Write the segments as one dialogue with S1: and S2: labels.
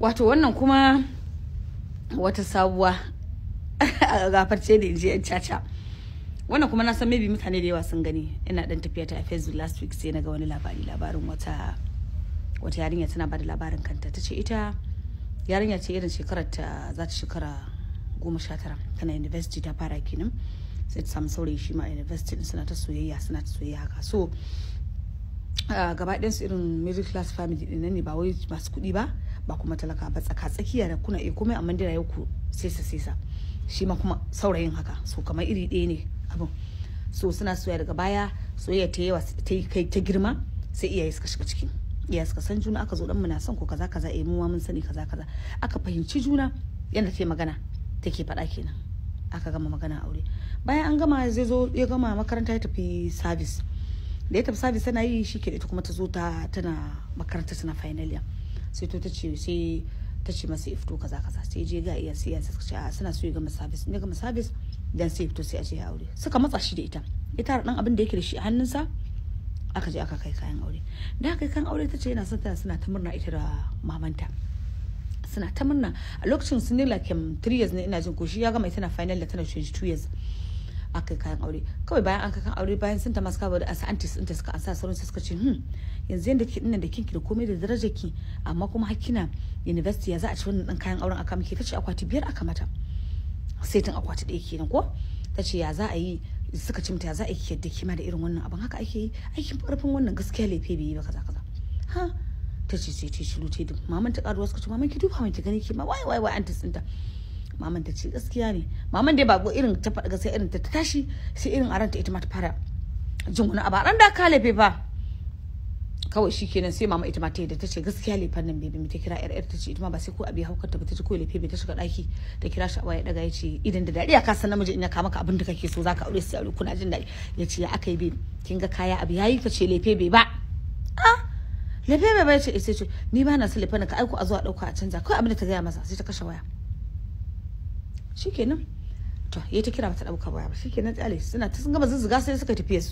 S1: wato wannan kuma wata sabuwa gafarce da inji yan caca wannan kuma na san maybe mutane da yawa sun gani ina dan tafiya ta facebook last week sai na ga wani labari labarin wata wata yarinya tana bada labarin kanta ta ce ita yarinya ce irin shekarar ta za ta shekara goma sha tara tana university ta fara kenan sai ta samu saurayi shi ma university suna ta soyayya suna ta soyayya haka so ah, gaba su irin middle class family ɗin ne ba wai masu kuɗi ba ba kuma talaka ba tsaka tsakiya da kuna iya komai amma dai yau ku sesa sesa shi ma kuma saurayin haka so kamar iri ɗaya ne abin so suna soya daga baya soyayya ta yawa kai ta girma sai iyaye suka shiga ciki iyaye suka san juna aka zo dan muna son ko kaza kaza eh mu mun sani kaza kaza aka fahimci juna yanda ta magana take faɗa kenan aka gama magana aure bayan an gama zai zo ya gama makaranta ya tafi service da ya tafi service tana yi shi ke ita kuma ta zo ta tana makaranta tana final year sai to ta ce sai ta ce masa ifto kaza kaza sai je ga iya sai ya suka ce a suna so ya gama sabis ya gama sabis dan sai ifto sai a je ya aure suka matsa shi da ita ita dan abin da yake da shi a hannunsa aka je aka kai kayan aure da aka kai kayan aure ta ce yana son ta suna ta murna ita da mamanta suna ta murna a lokacin sun nila kem 3 years ne ina jin ko shi ya gama tana final da tana 22 years aka kayan aure kawai bayan an kakan aure bayan sun ta masu kawo da ansa antis ta suka sa sauran suka ce hmm yanzu yadda kike da kinki da komai da darajar ki amma kuma hakina university ya za a ci wannan ɗan kayan auren aka miki tace akwati biyar aka mata sai tun akwati ɗaya kenan ko tace ya za a yi suka ce mata ya za a yi yadda kima da irin wannan abin haka ake yi aikin farfin wannan gaskiya laifi bai yi ba kaza kaza ha ta ce ce ce shiru duk maman ta suka ce maman ki duba mai ki gani ki ma wai wai wai antis maman ta ce gaskiya ne maman dai ba go irin ta faɗa sai irin ta tashi sai irin a ranta ita ma ta fara jin wani abu a ran da ka ba kawai shikenan sai mama ita ma ta yadda ta ce gaskiya lefan nan bebe mai ta kira yar yar ta ce ita ma ba sai ko abi haukar ta ba ta ce ko lefe bai ta shiga daki ta kira shi a waya daga ce idan da dadi ka san namiji in ya kama ka abin da kake so zaka aure sai aure kuna jin dadi ce ya yi be kin ga kaya abi yayi ta ce lefe bai ba a ah, lefe bai ba ce eh, sai ce ni ba na son laife ka aiko a zuwa dauka a canja kawai abin da ta gaya masa sai ta kashe waya shikenan to ya ta kira mata ɗauka baya ba shikenan tsale suna ta sun gama zuzuga sai suka tafi su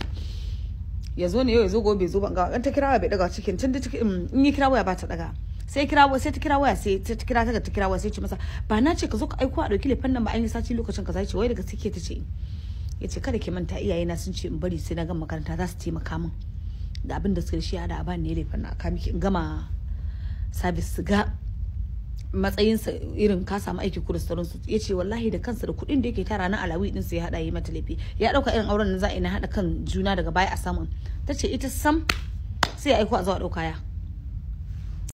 S1: ya zo ne yau ya zo gobe zo banga ga ta kira waya bai daga cikin tun um, in yi kira waya ba ta daga sai kira sai ta kira waya sai ta kira ta ta kira waya sai ce masa ba na ce ka zo ka aiko a dauki lefan nan ba an yi saci lokacin kaza ce wai daga sike ta ce ya ce kada ki manta iyayena sun ce in bari sai na gama makaranta za su taimaka min da abin da suka shi da, a bani ne lefan na ka miki in gama sabis su ga matsayinsa irin ka samu aiki kudu sauran su ya ce wallahi da kansa da kuɗin da yake tara na alawi din su ya haɗa yi mata laifi ya ɗauka irin auren da za a yi haɗa kan juna daga baya a saman ta ce ita sam sai ya aiko a zuwa ɗauka ya